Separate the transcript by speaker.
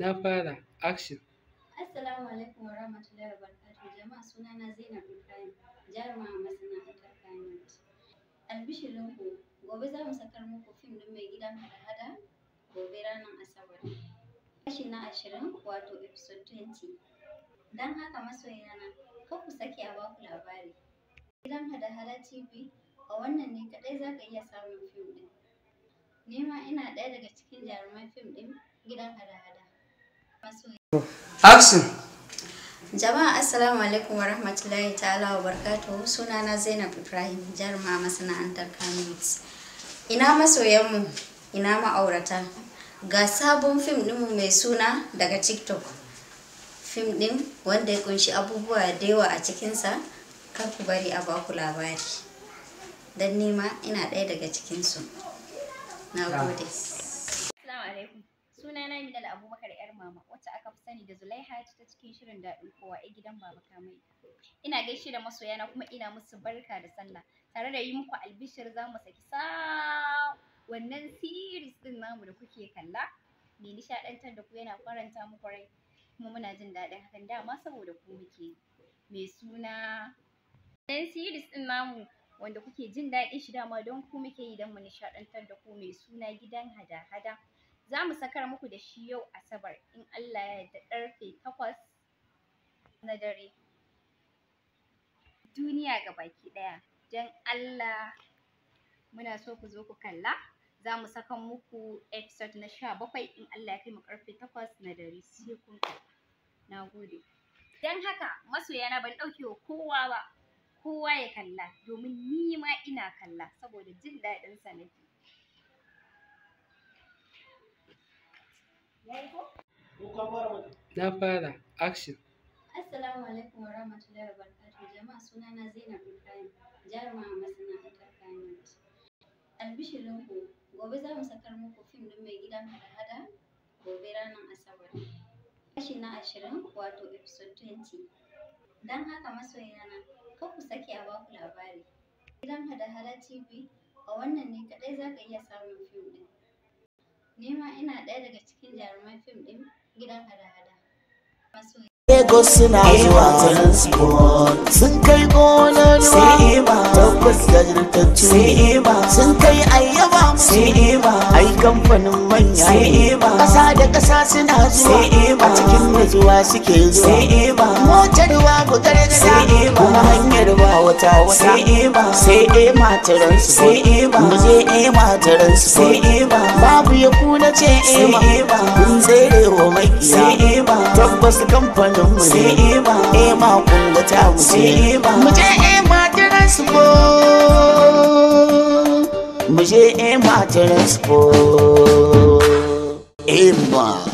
Speaker 1: Na fara. Action. Assalamu alaikum warahmatullahi wabarakatuh. Jama'a sunana Zainab Ibrahim, jaruma a masana'antar Albishirin ku, gobe za mu sakar muku fim ɗin mai gidan hada-hada gobe ranar Asabar. Kashi na ashirin wato episode twenty. Don haka masoyana, kar ku sake a baku labari. Gidan hada-hada TV a wannan ne kaɗai za ka iya samun fim ɗin. Nima ina ɗaya daga cikin jaruman fim ɗin Jama'a Assalamu alaikum wa rahmatullahi ta'ala wa barkatuhu sunana Zainab Ibrahim jarma masana'antar Kamilus. Ina masoyanmu, ina ma'aurata. Ga sabon fim ɗinmu mai suna daga TikTok. Fim ɗin wanda ya kunshi abubuwa da yawa a cikinsa, kar ku bari a baku labari. Don nema ina ɗaya daga cikinsu. Na gode.
Speaker 2: Sunana Minal Abubakar ‘yar mama wacce aka fi sani da Zulaiha ta cikin shirin daɗin kowa a gidan Baba Kamai. Ina gaishe da masoya na kuma ina musu barka da sallah tare da yi muku albishir za mu saki sa wannan series ɗin namu da kuke kalla mai nishaɗantar da ku yana faranta muku rai kuma muna jin daɗin hakan dama saboda ku muke mai suna wannan series ɗin namu wanda kuke jin daɗin shi dama don ku muke yi don mu nishaɗantar da ku mai suna gidan hada-hada. za mu sakar muku da shi yau asabar in Allah ya yarda ƙarfe takwas na dare duniya ga baki ɗaya don Allah muna so ku zo ku kalla za mu saka muku episode na sha bakwai in Allah ya kai mu ƙarfe takwas na dare sai kun na gode don haka na ban ɗauke wa kowa ba kowa ya kalla domin ni ma ina kalla saboda jin daɗin sa
Speaker 1: Na fara. Action.
Speaker 2: Assalamu alaikum
Speaker 1: wa rahmatullahi wa barakatuhu. Jama'a suna Zainab Ibrahim, jaruma a masana'antar kayan ku gobe za mu sakar muku fim ɗin mai gidan hada-hada gobe ranar Asabar. Kashi na ashirin wato episode 20. Don haka masoyana, kar ku sake a baku labari. Gidan hada-hada TV a wannan ne kadai za ka iya samun fim ɗin. Nima ina ɗaya daga cikin jaruman fim ɗin gidan
Speaker 3: hada-hada. Lagos suna zuwa transport sun kai gonar sai ima tabbas jajirtattu sai ima sun kai ayyaba sai ima ai kamfanin manya sai ima ƙasa da ƙasa suna zuwa sai ima zuwa suke zuwa sai eba motar wa bugar gida sai eba kuma hanyar ba wata wata sai eba sai eba taran su sai eba mu je eba taran su sai eba babu ya kuna ce eba sai eba e mun tsere wa makiya sai eba tabbas kamfanin mu sai eba eba kun wata mu sai eba mu je eba taran su ko mu je eba taran su ko
Speaker 1: ba. E